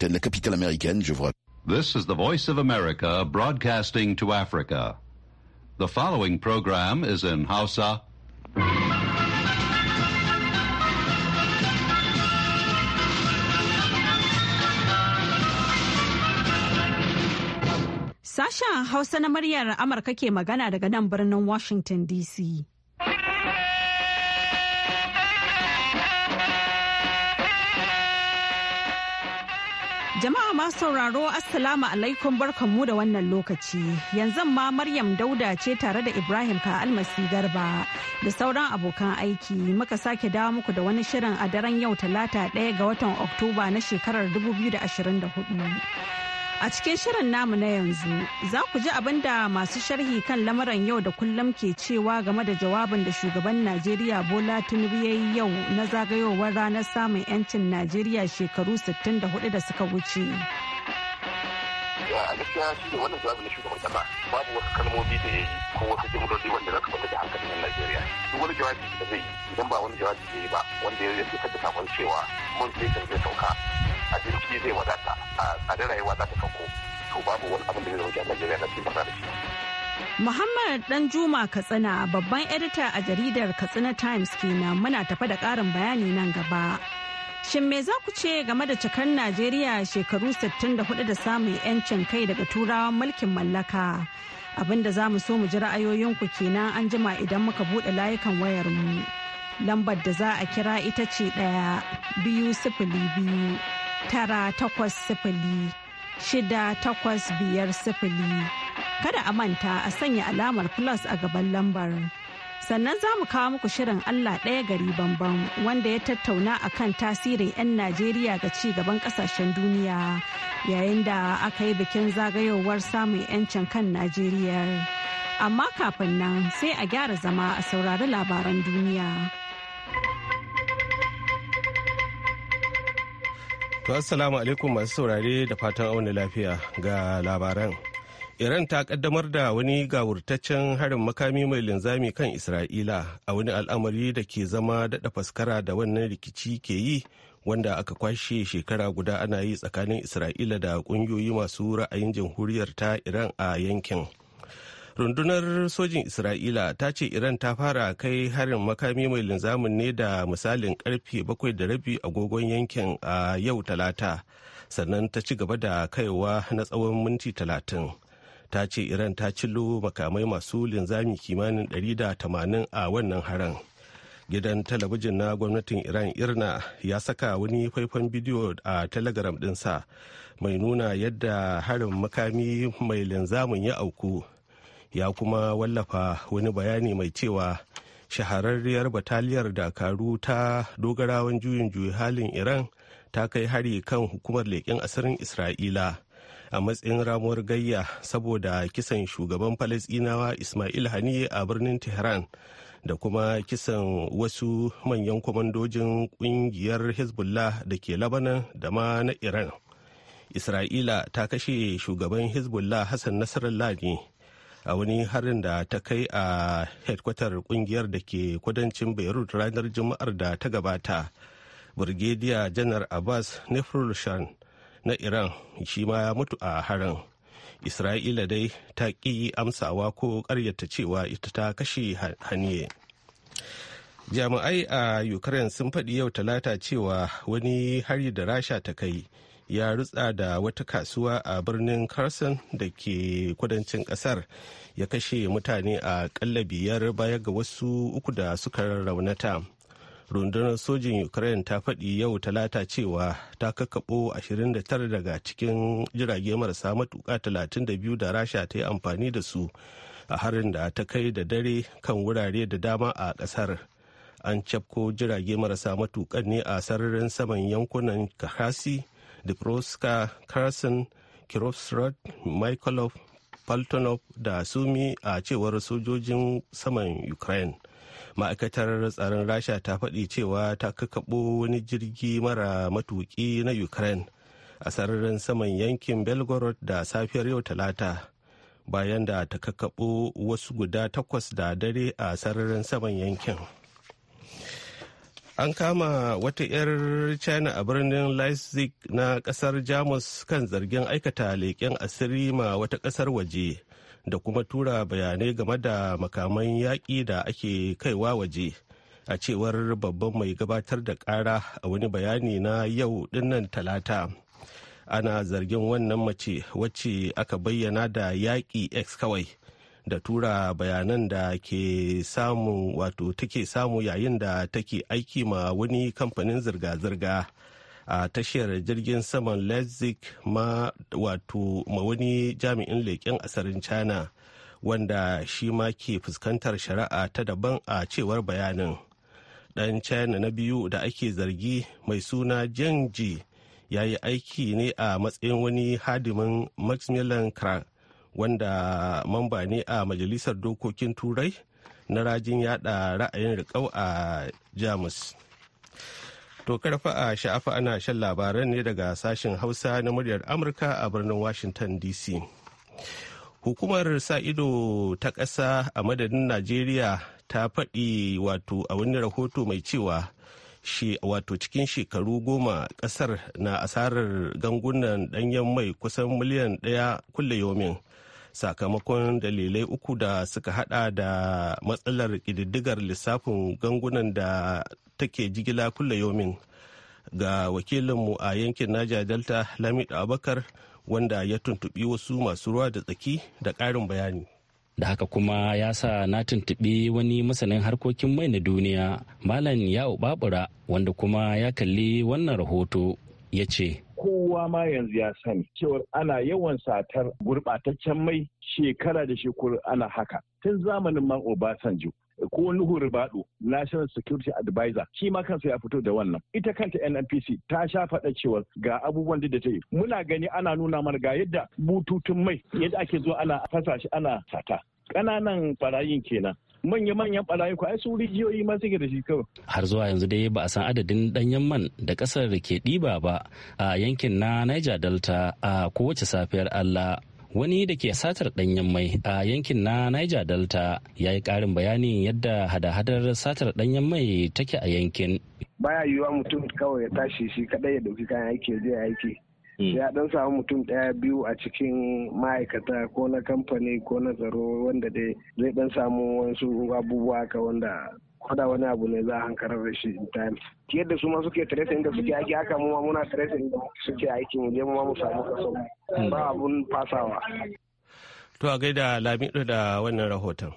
Washington, la capitale américaine, je vous This is the Voice of America broadcasting to Africa. The following program is in Hausa. Sasha Hausa na muryar Amurka ke magana daga nan birnin Washington DC. Jama'a masu sauraro Assalamu alaikum barkanmu da wannan lokaci. Yanzu ma Maryam Dauda ce tare da Ibrahim Ka'almasi Garba da sauran abokan aiki muka sake dawo muku da wani shirin a daren yau talata ɗaya ga watan Oktoba na shekarar 2024. A cikin shirin namu na yanzu za ku ji abin da masu sharhi kan lamuran yau da kullum ke cewa game da jawabin da shugaban Najeriya Bola Tinubu ya yi yau na zagayowar ranar samun 'yancin Najeriya shekaru 64 da suka wuce. shi wannan jawabin na shugaban babu wasu kalmomi da ya yi ko wasu jimloli wanda za su da hankalin yan Najeriya duk wani jawabi da zai yi idan ba wani jawabi da ya yi ba wanda ya yi da sakon cewa mun sai zai sauka abinci zai wadata a tsadar rayuwa za ta sauko to babu wani abin da zai zama a na cikin da shi. Muhammad Juma Katsina babban edita a jaridar Katsina Times kenan muna tafa da ƙarin bayani nan gaba. Shin me za ku ce game da cikar Najeriya shekaru 64 da samun 'yancin kai daga turawan mulkin mallaka? Abinda za mu so mu ji ra'ayoyinku kenan an jima idan muka buɗe layukan wayar mu Lambar da za a kira ita ce ɗaya biyu sifili biyu tara takwas sifili shida takwas biyar sifili kada a manta a sanya alamar plus a gaban lambar sannan za mu kawo muku shirin allah ɗaya gari bambam wanda ya tattauna a kan tasirin 'yan najeriya ga ci gaban kasashen duniya yayin da aka yi bikin zagayowar samun 'yancin kan najeriya amma kafin nan sai a gyara zama a saurari labaran duniya. To assalamu alaikum masu saurare da fatan auna lafiya ga labaran. Iran ta kaddamar da wani gawurtaccen harin makami mai linzami kan Isra'ila a wani al'amari da ke zama daɗa faskara da wannan rikici ke yi wanda aka kwashe shekara guda ana yi tsakanin Isra'ila da ƙungiyoyi masu ra'ayin jamhuriyar ta Iran a yankin. rundunar sojin isra'ila ta ce iran ta fara kai harin makami mai linzamin ne da misalin karfe bakwai da rabi agogon yankin a yau talata sannan ta ci gaba da kaiwa na tsawon minti talatin ta ce iran ta cilo makamai masu linzami kimanin da tamanin a wannan haran gidan talabijin na gwamnatin iran irna ya saka wani faifan bidiyo a telegram dinsa mai nuna yadda harin makami mai linzamin ya auku ya kuma wallafa wani bayani mai cewa shahararriyar bataliyar dakaru ta dogarawan juyin juyi halin iran ta kai hari kan hukumar leƙen asirin isra'ila a matsayin ramuwar gayya saboda kisan shugaban falasinawa ismail Hani a birnin tehran da kuma kisan wasu manyan kwamandojin kungiyar hezbollah da ke labanan da ma na iran isra'ila ta kashe shugaban hezbollah hassan nasarallah ne a wani harin da ta kai a hedkwatar kungiyar da ke kudancin beirut ranar juma'ar da ta gabata Birgediya janar abbas nefrushan na iran shi ma ya mutu a harin isra'ila dai ta ƙi amsawa ko ƙaryata cewa ita ta kashe haniye jami'ai a ukraine sun faɗi yau talata cewa wani hari da rasha ta kai ya rutsa da wata kasuwa a birnin carson da ke kudancin kasar ya kashe mutane a kalla biyar baya ga wasu uku da suka raunata rundunar sojin ukraine ta faɗi yau talata cewa ta kakkaɓo 29 daga cikin jirage marasa matuƙa 32 da rasha ta yi amfani da su a harin da ta kai da dare kan wurare da dama a ƙasar an cafko jirage marasa matuƙan ne a sararin saman yankunan kahasi proska Carson, Kirofsrod, Mykolov, Paltonov da Sumi a cewar sojojin saman Ukraine. Ma'aikatar tsaron Rasha ta faɗi cewa ta kakaɓo wani jirgi mara matuƙi na Ukraine a sararin saman yankin Belgorod da safiyar yau Talata. bayan da ta kakaɓo wasu guda takwas da dare a sararin saman yankin. an kama wata 'yar china a birnin leipzig na kasar jamus kan zargin aikata leƙen asiri ma wata kasar waje da kuma tura bayanai game da makaman yaƙi da ake kaiwa waje a cewar babban mai gabatar da ƙara a wani bayani na yau dinnan talata ana zargin wannan mace wacce aka bayyana da yaƙi x kawai da tura bayanan da ke samu wato take samu yayin da take aiki ma wani kamfanin zirga-zirga a tashar jirgin saman leipzig ma wato ma wani jami'in leƙen asarin china wanda shi ma ke fuskantar shari'a ta daban a cewar bayanin ɗan china na biyu da ake zargi mai suna jenji ya yi aiki ne a matsayin wani hadimin maximilian crack wanda mamba ne a majalisar dokokin turai na rajin yada ra'ayin riƙau a jamus to karfa a sha'afa ana shan labaran ne daga sashen hausa na muryar amurka a birnin washington dc hukumar sa ido ta ƙasa a madadin najeriya ta faɗi wato a wani rahoto mai cewa shi wato cikin shekaru goma ƙasar na asarar gangunan ɗanyen mai kusan miliyan ɗaya kulle yomin sakamakon dalilai uku da suka hada da matsalar ƙididdigar lissafin gangunan da take jigila kulle yomin ga wakilinmu a yankin naja delta lamidu abakar wanda ya tuntubi wasu masu ruwa da tsaki da ƙarin bayani da haka kuma ya sa na tuntuɓi wani masanin harkokin mai na duniya malam ya'u babura wanda kuma ya kalli wannan rahoto ya ce kowa ma yanzu ya sani cewar ana yawan satar gurɓataccen mai shekara da shekaru ana haka tun zamanin man obasanjo ko Nuhu Ribado National Security Advisor shi ma kansa ya fito da wannan ita kanta NNPC ta sha faɗa cewa ga abubuwan da ta yi muna gani ana nuna mana ga yadda bututun mai yadda ake zuwa ana fasa shi ana sata ƙananan farayin kenan manya-manyan bala'iku ai su rijiyoyi ma suke da shi kawai. Har zuwa yanzu dai ba a san adadin danyen man da kasar da ke ɗiba ba a yankin na Niger Delta a kowace safiyar Allah. Wani da ke satar ɗanyen mai a yankin na Niger Delta ya yi ƙarin bayanin yadda hada-hadar satar ɗanyen mai take a yankin. Baya yiwuwa mutum kawai ya tashi shi kaɗai ya ɗauki kayan aiki ya je aiki. Hmm. ya dan samu mutum daya biyu a cikin ma'aikata ko na kamfani ko na tsaro wanda dai zai dan samu wasu abubuwa ka wanda koda wani abu ne za a hankarar da shi in time yadda su ma suke tracing da suke aiki haka mu ma muna tracing da suke aiki mu je mu ma mu samu kaso hmm. ba abun fasawa to a gaida lamido da wannan rahoton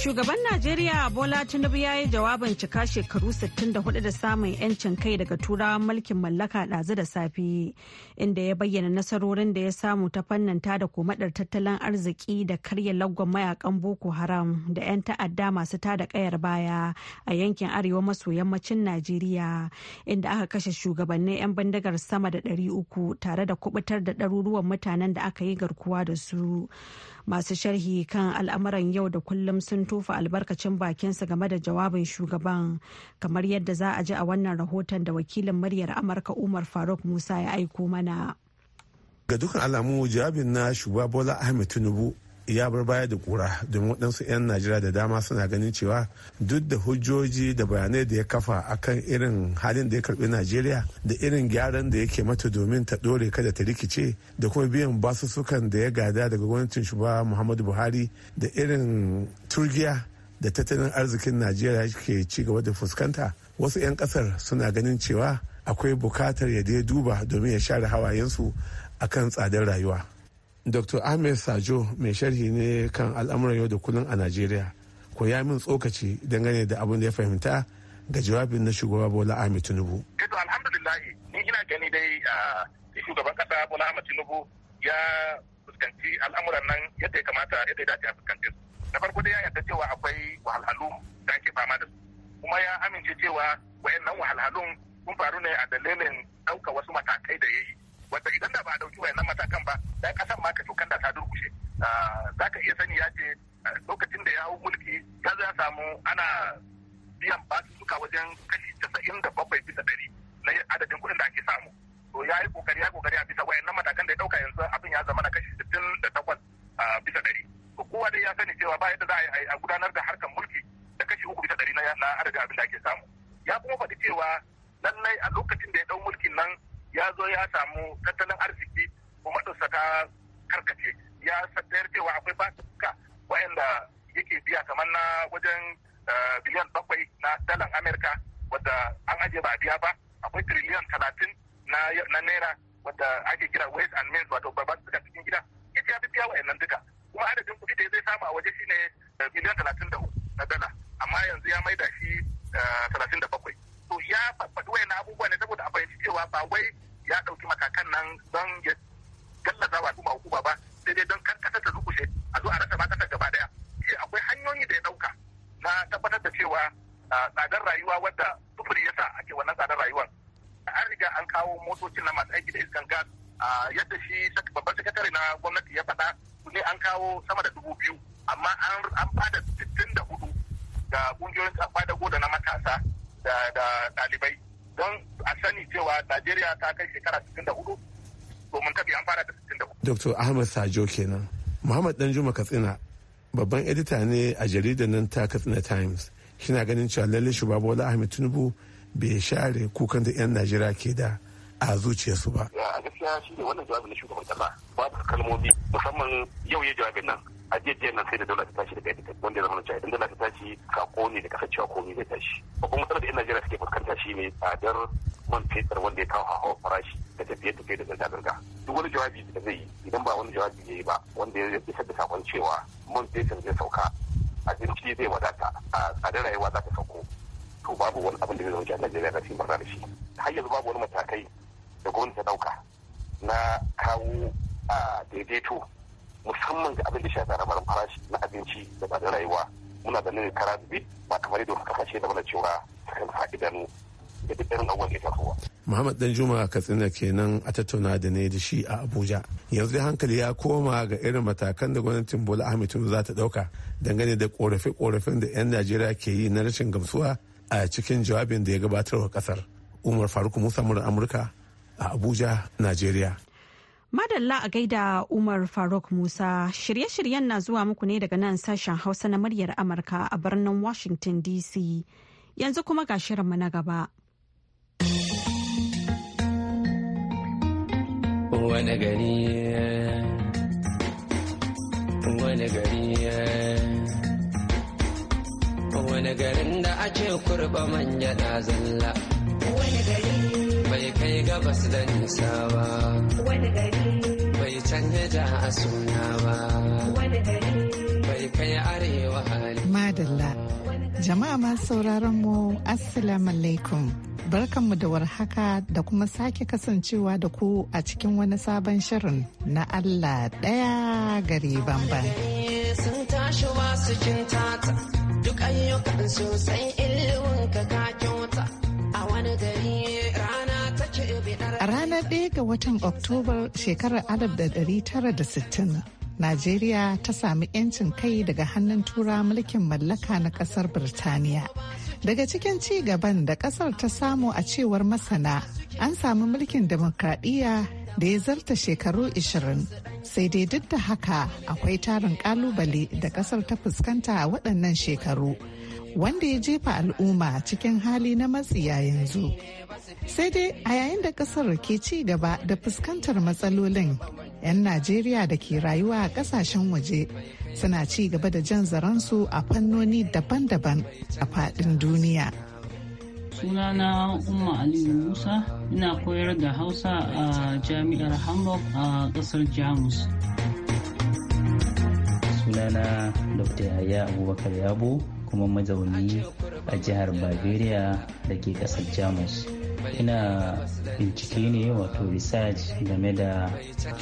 Shugaban Najeriya Bola Tinubu ya yi jawabin cika shekaru 64 da samun 'yancin kai daga turawan mulkin mallaka ɗazu da safe inda ya bayyana nasarorin da ya samu ta fannin da komadar tattalin arziki da karya lagwan mayakan Boko Haram da 'yan ta'adda masu tada kayar baya a yankin arewa maso yammacin Najeriya inda aka kashe shugabannin 'yan bindigar sama da uku tare da kubutar da ɗaruruwan mutanen da aka yi garkuwa da su. Masu sharhi kan al'amuran yau da kullum sun tofa albarkacin bakinsa game da jawabin shugaban kamar yadda za a ji a wannan rahoton da wakilin muryar amurka umar faruk musa ya aiko mana ga dukkan alamu jawabin na shugaba bola ahmed tinubu ya bar baya da kura domin waɗansu 'yan najeriya da dama suna ganin cewa duk da hujjoji da bayanai da ya kafa akan irin halin da ya karbi najeriya da irin gyaran da yake mata domin ta ɗore kada ta rikice da kuma biyan basussukan da ya gada daga gwamnatin shugaba muhammadu buhari da irin turgiya da tattalin arzikin najeriya ke ci gaba da fuskanta wasu 'yan kasar suna ganin cewa akwai bukatar ya duba domin ya share hawayensu akan tsadar rayuwa dr ahmed sajo mai sharhi ne kan al'amuran yau da kullum a najeriya ko ya min tsokaci dangane da abin da ya fahimta ga jawabin na shugaba bola ahmed tinubu eh ni ina gani dai shugaban kasa bola ahmed tinubu ya fuskanci al'amuran nan yadda ya kamata yadda ya dace a fuskanci na farko dai ya yarda cewa akwai wahalhalu da ake fama da su kuma ya amince cewa wayannan wahalhalun sun faru ne a dalilin ɗauka wasu matakai da ya yi wata idan da ba a dauki wayannan matakan ba da kasan ma ka tokan da ta durkushe ah, za ka iya sani ya ce ah, lokacin da ya hau mulki ta za samu ana biyan suka wajen kashi casa'in da bakwai bisa ɗari na adadin kuɗin da ake samu to ya yi kokari ya kokari a bisa wayannan matakan da ya ɗauka yanzu abin ya zama na kashi sittin da takwas ah, bisa ɗari to kowa dai ya sani cewa ba yadda za a yi a gudanar da harkar mulki da kashi uku bisa ɗari na adadin abin da ake samu ya kuma faɗi cewa lallai a lokacin da ya ɗau mulkin nan ya zo ya samu tattalin arziki kuma ta karkace ya sayar cewa akwai baka waɗanda yake biya kamar na wajen eh, biliyan bakwai na dalan amerika wadda an ajiye ba biya ba akwai triliyan talatin na naira wadda ake kira waste and means wato babban suka cikin gida ita ya fi biya wa'annan duka kuma adadin kuɗi da zai samu a waje shine eh, biliyan talatin da na dala amma yanzu ya maida shi eh, talatin da bakwai to ya faɗi wayan abubuwa ne saboda a fahimci cewa ba wai ya ɗauki matakan nan don ya gallaza wa al'umma hukuma ba sai dai don karkata ta rukushe a zo a rasa ma kasar gaba daya akwai hanyoyi da ya ɗauka na tabbatar da cewa tsadar rayuwa wadda sufuri ya sa ake wannan tsadar rayuwar an riga an kawo motocin na masu aiki da iskan gas yadda shi babban sakatare na gwamnati ya faɗa ne an kawo sama da dubu biyu amma an bada sittin da hudu ga ƙungiyoyin da goda na matasa da ɗalibai don a sani cewa najeriya ta kai shekara 64 domin bi an fara da 64. dr ahmad sajo kenan muhammad danjuma katsina babban edita ne a jaridar nan ta katsina times shina ganin cewa lallai shugaba wala ahmed tinubu bai share kukan da 'yan najeriya ke da a zuciyarsu ba. a gaskiya shi ne wannan jawabin na shugaban kasa babu kalmomi musamman yau ya jawabin nan a jejjiyar nan sai da dole ta tashi daga ita wanda ya zama cewa idan dole ta tashi ka kone da kasa cewa komai zai tashi babban sanar da yan najeriya suke fuskanta ne. tsadar man fetur wanda ya kawo hawa farashi da tafiye-tafiye da zirga-zirga duk wani jawabi da zai yi idan ba wani jawabi zai yi ba wanda ya isar da sakon cewa man fetur zai sauka abinci zai wadata a tsadar rayuwa za ta sauko to babu wani abin da zai zama cewa najeriya za ta yi barna da shi har yanzu babu wani matakai da gwamnati ta dauka na kawo daidaito musamman ga abin da shafi al'amarin farashi na abinci da ba da rayuwa muna da nuna kara bi ba kamar yadda wasu kasashe da mana cewa kan fa'idan da duk irin abubuwan da ya Muhammad Danjuma Katsina kenan a tattauna da ne da shi a Abuja. Yanzu dai hankali ya koma ga irin matakan da gwamnatin Bola Ahmed Tinubu za ta dauka dangane da korafe-korafen da 'yan Najeriya ke yi na rashin gamsuwa a cikin jawabin da ya gabatar wa kasar. Umar Faruk Musa Amurka a Abuja, Najeriya. Madalla a gaida Umar Faruk Musa shirye-shiryen na zuwa muku ne daga nan sashen Hausa na muryar Amurka a birnin Washington DC. Yanzu kuma ga shirinmu na gaba. Wani gari wani gari wani garin da ake kurba manya na zalla. Wani gari kai gabas da nisa ba wani gari bai canja a suna ba wani gari bai kai arewa hali madalla jama'a masu sauraron mu assalamu alaikum barkanmu da warhaka da kuma sake kasancewa da ku a cikin wani sabon shirin na Allah ɗaya gari banban. Sun tashi wasu cin ta duk ayyukan sosai illuwin ka kyauta a wani gari A ranar ɗaya ga watan Oktobar shekarar 1960, Najeriya ta sami 'yancin kai daga hannun tura mulkin mallaka na ƙasar Birtaniya. Daga cikin ci gaban da ƙasar ta samu a cewar masana, an samu mulkin demokradiyya da ya zarta shekaru 20. Sai dai duk da haka akwai tarin ƙalubale da ƙasar ta fuskanta a waɗannan shekaru. wanda ya jefa al'umma cikin hali na matsiya yanzu sai dai a yayin da kasar ke ci gaba da fuskantar matsalolin 'yan najeriya da ke rayuwa a kasashen waje suna ci gaba da jan zaransu a fannoni daban-daban a faɗin duniya sunana umma aliyu musa ina koyar da hausa a jami'ar hamburg a kasar jamus sunana dr yaya abubakar yabo kuma mazauni a jihar bavaria da ke kasar jamus ina bincike ne wato research game da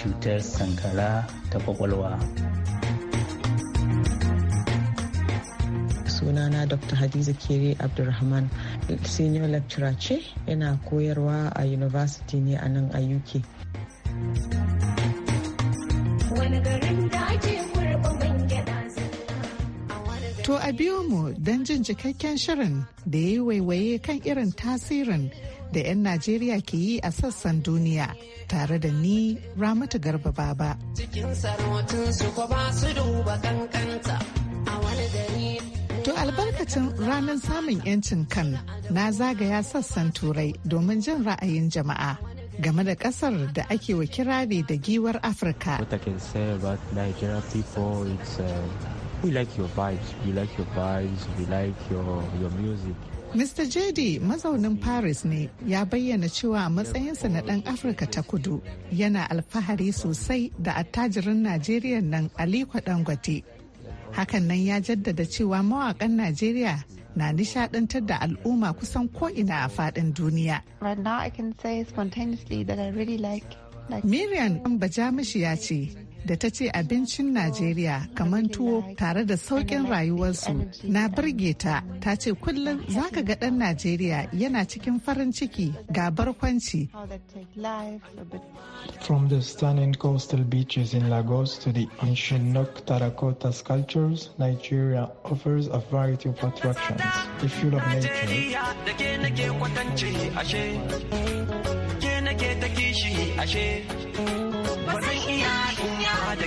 cutar sankara ta kwakwalwa sunana dr hadiza kere abdulrahman senior lecturer ce yana koyarwa a university ne a nan a uk wani garin da ake To a biyo mu don jin cikakken shirin da ya yi waiwaye kan irin tasirin da 'yan Najeriya ke yi a sassan duniya tare da ni Ramatu Garba Baba. To albarkacin ranar samun 'yancin kan na zagaya sassan turai domin jin ra'ayin jama'a game da kasar da ake wa kirari da giwar Afirka. We like your vibes, we like your vibes, we like your, your music. Mr. JD mazaunin Paris ne ya bayyana cewa a matsayinsa na ɗan Afirka ta kudu yana alfahari sosai da attajirin Najeriya nan Aliko Dangote. Hakan nan ya jaddada cewa mawakan Najeriya na nishadantar da al'umma kusan ko'ina a faɗin duniya. Right now I can say Miriam Bajamishi ya ce, da ta ce abincin Najeriya kamar tuwo tare da sauƙin rayuwarsu na birge ta ta ce kullum za ka ga ɗan Najeriya yana cikin farin ciki ga barkwanci. From the stunning coastal beaches in Lagos to the ancient Nok terracotta sculptures, Nigeria offers a variety of attractions. The fuel of nature.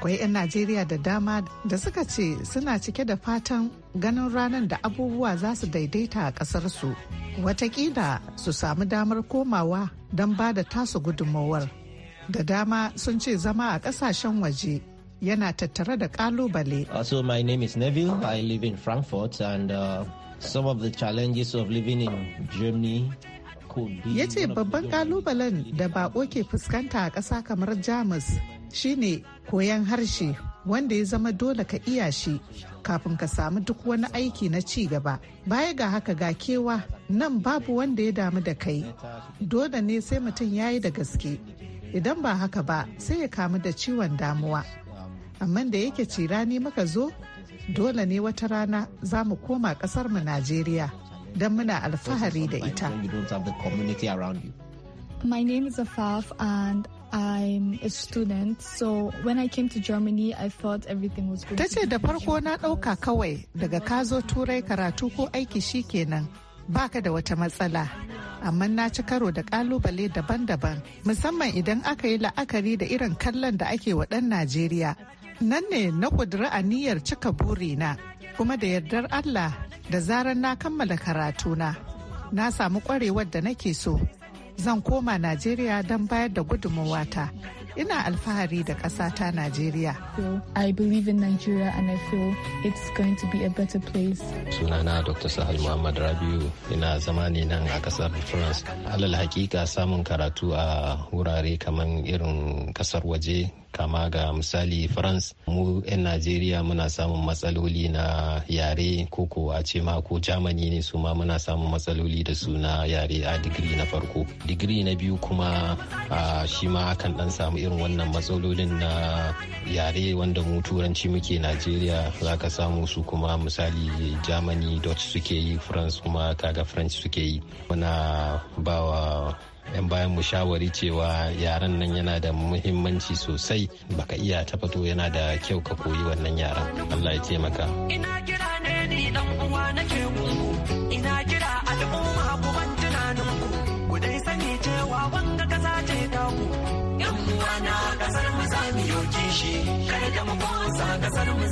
akwai 'yan najeriya da dama da suka ce suna cike da fatan ganin ranar da abubuwa za su daidaita a ƙasarsu watakila su samu damar komawa don ba da tasu gudunmawar da dama sun ce zama a ƙasashen waje yana tattare da ƙalubale. my and uh, challenges of living in ya ce babban kalubalen da baƙo ke fuskanta a ƙasa kamar jamus shine koyan harshe wanda ya zama dole ka iya shi kafin ka samu duk wani aiki na ci gaba baya ga haka ga kewa nan babu wanda ya damu da kai dole ne sai mutum ya yi da gaske idan ba haka ba sai ya kamu da ciwon damuwa amma da yake ci rani muka zo dole ne wata rana za mu koma kasar mu najeriya don muna alfahari da ita My name is Afaf and I'm a so when I Germany, I thought Tace da farko na ɗauka kawai daga ka zo turai karatu ko aiki shi kenan ba ka da wata matsala. Amma na ci karo da ƙalubale daban-daban, musamman idan aka yi la'akari da irin kallon da ake wa ɗan Najeriya. Nan ne na ƙudiri aniyar cika burina, kuma da yardar Allah da zarar na kammala karatuna. Na samu ƙwarewar da nake so, zan koma Najeriya don bayar da gudunmawata. Ina alfahari da ƙasa ta Najeriya. I believe in Nigeria and I feel it's going to be a better place. Sunana Dr. Sahal Muhammad Rabiu ina zama ne nan a ƙasar France. Alal hakika samun karatu a wurare kamar irin ƙasar waje kama ga misali france mu 'yan najeriya muna samun matsaloli na yare ko ko a ce ma ko germany ne su ma muna samun matsaloli da su na yare a digiri na farko digiri na biyu kuma a shi ma akan dan samu irin wannan matsalolin na yare wanda mu turanci muke najeriya za ka samu su kuma misali germany dutch suke yi france kuma kaga french suke yi muna bawa 'yan bayan mu shawari cewa yaran nan yana da muhimmanci sosai baka iya ta fito yana da kyau ka koyi wannan yaran allah ya taimaka ina kira ne ni dan uwa nake ku ina kira al'umma ku ban tunanin ku ku dai sani cewa wanga kasa ce ta ku yan uwa na kasar mu zamu mu shi kada mu kasar mu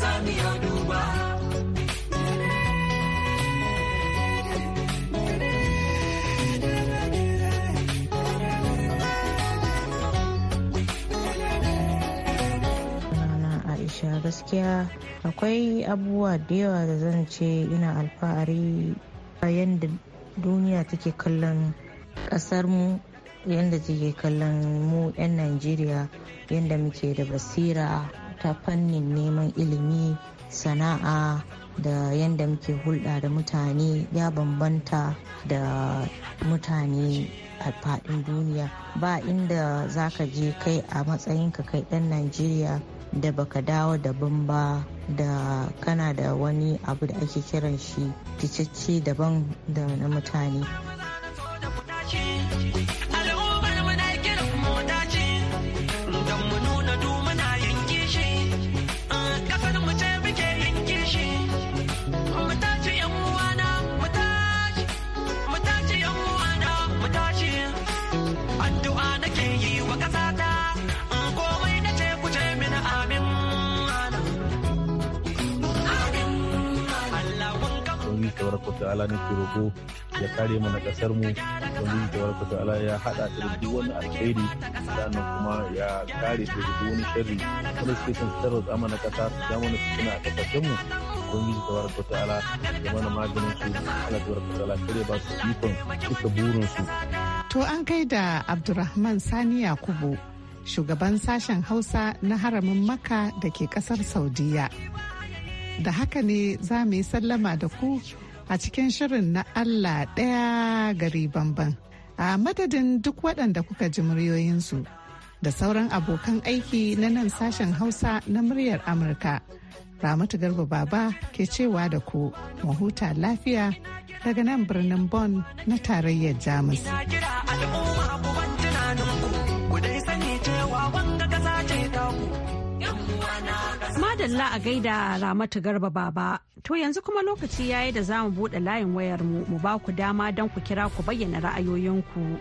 zuciya gaskiya akwai abubuwa da yawa da zan ce ina alfahari yadda duniya take kallon kasar mu yadda take kallon mu 'yan najeriya yadda muke da basira ta fannin neman ilimi sana'a da yadda muke hulɗa da mutane ya bambanta da mutane a faɗin duniya ba inda za ka je kai a matsayinka kai ɗan najeriya da baka dawo daban ba da kana da wani abu da ake kiran shi ficicce daban da na mutane. ala ne ke roko ya kare mana kasar mu wani ubangiji tabaraka ala ya hada ta duk wani alkhairi sannan kuma ya kare ta duk wani sharri wanda suke son tarwatsa mana kasa da ja mana fitina a kasashen mu wani ubangiji tabaraka ala ya mana maganin su Allah tabaraka ala kare ba su ikon cika burin su to an kai da abdurrahman Sani Yakubu shugaban sashen Hausa na haramin Makka da ke kasar Saudiya. Da haka ne za mu yi sallama da ku a cikin shirin na Allah ɗaya gari banban A madadin duk waɗanda kuka ji muryoyinsu da sauran abokan aiki na nan sashen Hausa na muryar Amurka. Ramatu Garba Baba ke cewa da ku mahuta lafiya daga nan birnin Bonn na tarayyar Jamus. Alhamdulillah a gaida Ramatu Garba Baba. To yanzu kuma lokaci ya yi da za mu buɗe layin wayar mu mu ba ku dama don ku kira ku bayyana ra'ayoyinku.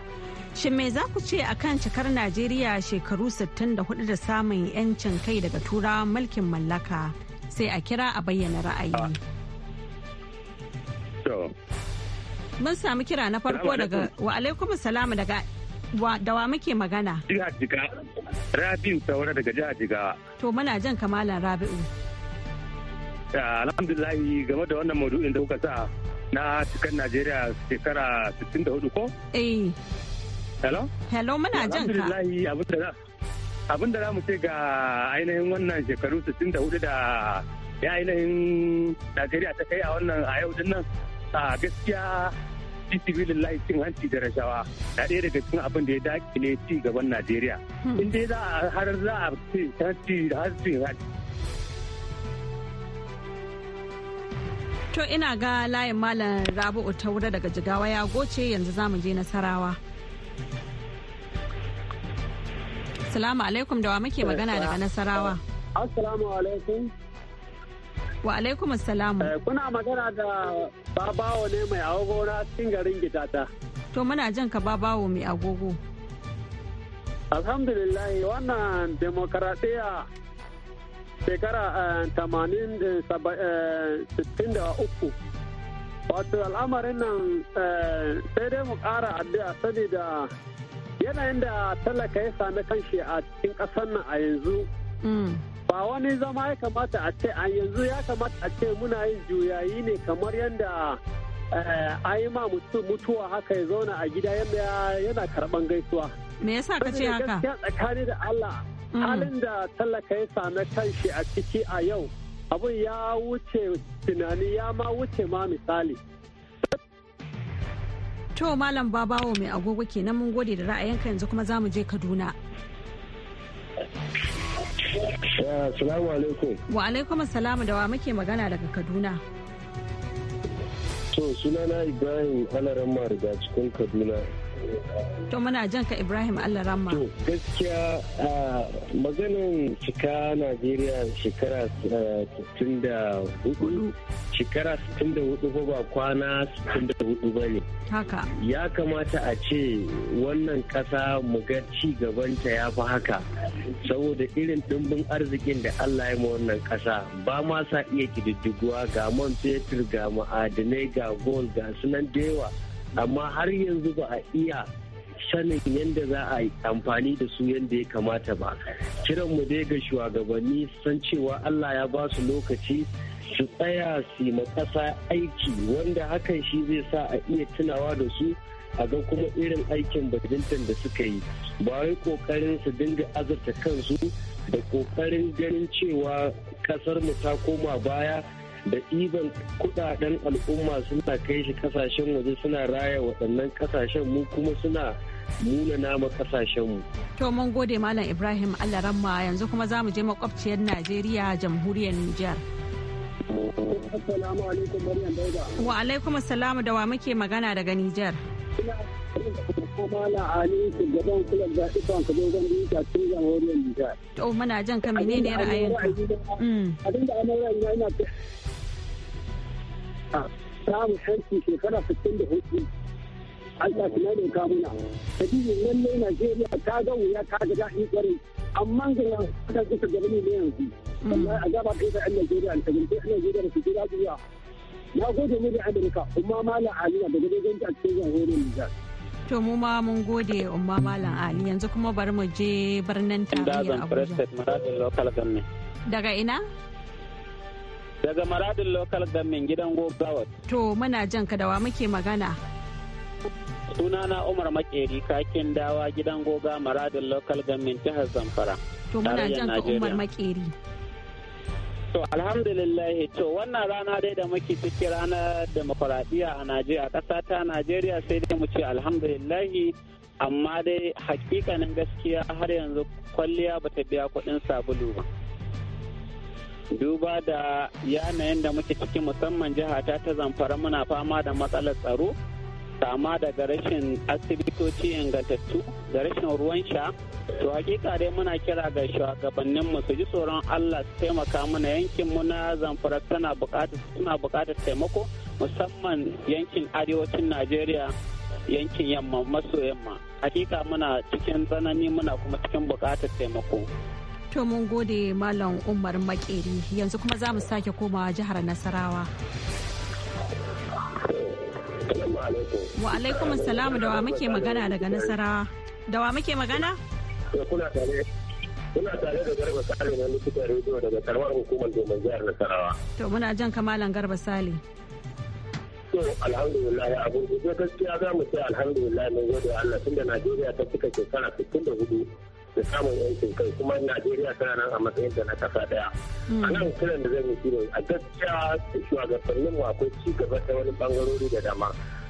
Shin me za ku ce a kan cikar Najeriya shekaru 64 da samun 'yancin kai daga turawan mulkin mallaka sai a kira a bayyana ra'ayi. Mun samu kira na farko daga wa alaikum salamu daga da wa muke magana? Jihar Jiga. Rabi'u Saura daga jihar Jiga. To muna jan kamalan Rabi'u. Alhamdulillahi game da wannan maudu'in da kuka sa na cikin Najeriya shekara 64 ko? Eh. Hello? Hello muna jan ka. Alhamdulillahi abin da za mu ce ga ainihin wannan shekaru 64 da ya ainihin Najeriya ta kai a wannan a yau din nan. A gaskiya fi sibilillahi cin hanci da rashawa na ɗaya daga cikin abin da ya dace ne ci gaban najeriya hmm. in dai za a har za a ce hanci da hanci to ina ga layin malam rabu'u taura daga jigawa ya goce yanzu za mu je nasarawa Assalamu alaikum da wa muke magana daga Nasarawa. Assalamu alaikum. Wa alaikum assalamu. Eh, kuna magana da babawo ne mai agogo na cikin garin gidata to muna jan ka babawo mai agogo alhamdulillah wannan demokaradiyya shekara eh, tamanin eh, eh, da uku wato al'amarin nan sai dai mu kara addu'a saboda yanayin da talaka ya sami kanshi a cikin ƙasar nan a yanzu mm. ba wani zama ya kamata a ce a yanzu ya kamata a ce muna yin juyayi ne kamar yadda eh, a yi ma mutuwa haka ya zauna a gida yana karban gaisuwa. Me yasa ka ce haka? Gaskiya tsakani da Allah mm. halin da talaka ya sami kanshi a ciki a yau abun ya wuce tunani ya ma wuce ma misali. To Malam Babawo mai agogo kenan mun gode da ra'ayinka yanzu kuma zamu je Kaduna. Assalamu alaikum. Wa alaikum da wa muke magana daga Kaduna. To sunana Ibrahim Alaramma daga cikin Kaduna. To muna jan Ibrahim Allah Ramma. To gaskiya maganin cika Najeriya shekara 64 shekara 64 ko ba kwana 64 ba ne. Haka. Ya kamata a ce wannan kasa ga ci gabanta ya fi haka saboda irin dimbin arzikin da Allah ya ma wannan kasa ba ma sa iya kididdiguwa ga man fetur ga ma'adinai ga gold ga sunan da yawa. amma har yanzu ba a iya sanin yadda za a yi amfani da su yadda ya kamata ba kiran mu dai ga shugabanni san cewa allah ya ba su lokaci su tsaya su ma ƙasa aiki wanda hakan shi zai sa a iya tunawa da su a ga kuma irin aikin bajintan da suka yi ba wai kokarin su dinga azurta kansu da kokarin ganin cewa kasar mu ta koma baya da ɗiban kudaden al'umma suna kai shi kasashen waje suna raya waɗannan kasashen mu kuma suna muna nama kasashen mu. To mun gode Malam Ibrahim Allah ramma yanzu kuma za mu je makwabciyar Najeriya jamhuriyar Nijar. Wa alaikum salamu da wa muke magana daga Nijar. To mana jan ka menene ra'ayinka? Abinda ana ra'ayi ina a samun yanci shekara 64 Allah kuma da ka muna sabili lalle Najeriya ta ga wuya ta ga daɗi kwarai amma ga yanzu ta kusa gaba ne yanzu amma a gaba ta da Najeriya ta gaba ta Najeriya da su jira zuwa na gode mu da Amurka umma malam Aliya daga dogon ta ce cikin jamhuriyar da To mu ma mun gode umma malam Ali yanzu kuma bari mu je birnin tarayya Abuja. Daga ina? Daga maradin local government gidan Gobawat. To muna jan ka dawa muke magana. Sunana Umar Makeri kakin dawa gidan goga maradin local government jihar Zamfara. To muna jan ka Umar Makeri. To alhamdulillah to wannan rana dai da muke ciki ranar demokuraɗiyya a Najeriya ƙasa ta Najeriya sai dai mu ce alhamdulillahi amma dai hakikanin gaskiya har yanzu kwalliya bata biya kuɗin sabulu ba. duba da yanayin da muke ciki musamman jihata ta zamfara muna fama da matsalar tsaro kama daga rashin asibitoci ingantattu da rashin ruwan sha to hakika dai muna kira ga shugabannin mu su ji tsoron Allah su taimaka mana yankin mu na zamfara tana bukatar suna bukatar taimako musamman yankin arewacin Najeriya yankin yamma maso yamma hakika muna cikin tsanani muna kuma cikin bukatar taimako To mun gode Malam Umar Makeri yanzu kuma za mu sake komawa jihar Nasarawa. Wa alaikum salamu da wa muke magana daga Nasarawa. Da wa muke magana? Kuna tare kuna tare da Garba Sale na likitan rediyo daga karamar hukumar domin jihar Nasarawa. To muna jan kamalan Garba Sale. to alhamdulillah abu gaskiya za mu ce alhamdulillah mun gode Allah tunda Najeriya ta cika shekara 64 da samun yankin kai kuma najeriya tana nan a matsayin da na kasa daya a nan kiran da zan yi shi a gaskiya da shugabannin mu akwai ci gaba ta wani bangarori da dama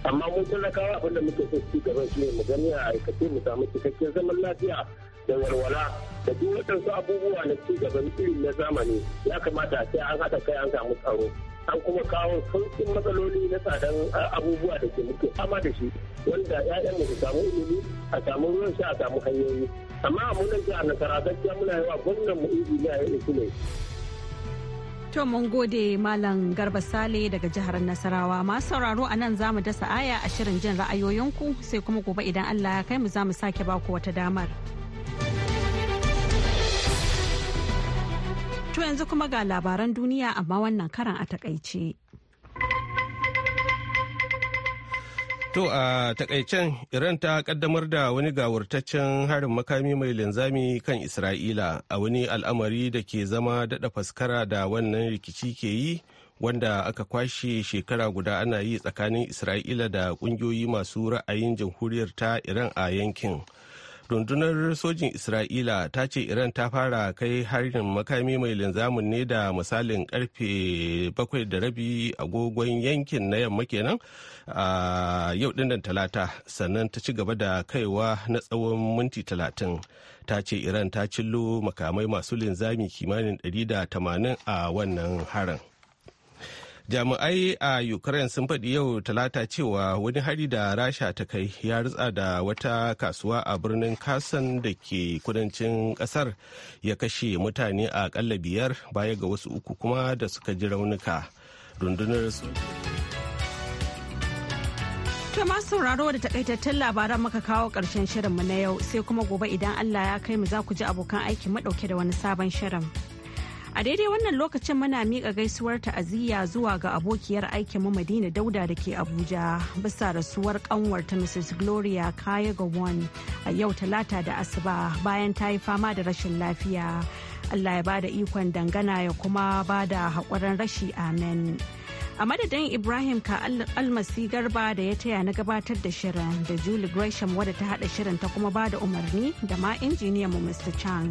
amma mun talakawa da muke so ci gaba shi ne mu gani a aikace mu samu cikakken zaman lafiya da walwala da duk waɗansu abubuwa na ci gaban irin na zamani ya kamata a ce an haɗa kai an samu tsaro an kuma kawo sauƙin matsaloli na tsadan abubuwa da ke muke fama da shi wanda 'ya'yan mu su samu ilimi a samu ruwan sha a samu hanyoyi amma mu ji a nasara gaskiya muna yi gwamnan mu injiniya ya isu ne To mun gode Malam Garba Sale daga jihar Nasarawa. Masu sauraro a nan za mu dasa aya a shirin jin ra'ayoyinku sai kuma gobe idan Allah ya kai mu za mu sake baku wata damar. To yanzu kuma ga labaran duniya amma wannan karan a takaice. To a takaicen Iran ta kaddamar da wani gawurtaccen harin makami mai linzami kan Isra'ila a wani al'amari da ke zama daɗa faskara da wannan rikici ke yi wanda aka kwashe shekara guda ana yi tsakanin Isra'ila da ƙungiyoyi masu ra'ayin jamhuriyar ta Iran a yankin. rundunar sojin isra'ila ta ce iran ta fara kai harin makami mai linzamin ne da misalin karfe bakwai da rabi agogon yankin na yamma kenan a yau dinnan talata sannan ta ci gaba da kaiwa na tsawon minti talatin ta ce iran ta cillo makamai masu linzami kimanin 180 a wannan harin. jami'ai a ukraine sun faɗi yau talata cewa wani hari da rasha ta kai ya ritsa da wata kasuwa a birnin kasan da ke kudancin kasar ya kashe mutane a ƙalla biyar baya ga wasu uku kuma da suka ji raunuka rundunar To masu sauraro da takaitattun labaran muka kawo karshen shirinmu na yau sai kuma gobe idan Allah ya kai mu za ku ji abokan aiki madauke da wani sabon shirin. A daidai wannan lokacin muna miƙa gaisuwar ta'aziyya zuwa ga abokiyar aikinmu Madina Dauda da ke Abuja bisa rasuwar kanwar ta Mrs. Gloria Kaya Gawon a yau talata da asuba bayan ta yi fama da rashin lafiya. Allah ya ba da ikon dangana ya kuma ba da haƙurin rashi amen. a madadin ibrahim ka almasi garba da ya taya na gabatar da shirin da julie gresham wadda ta hada shirin ta kuma ba da umarni da ma injiniyan mu mr chang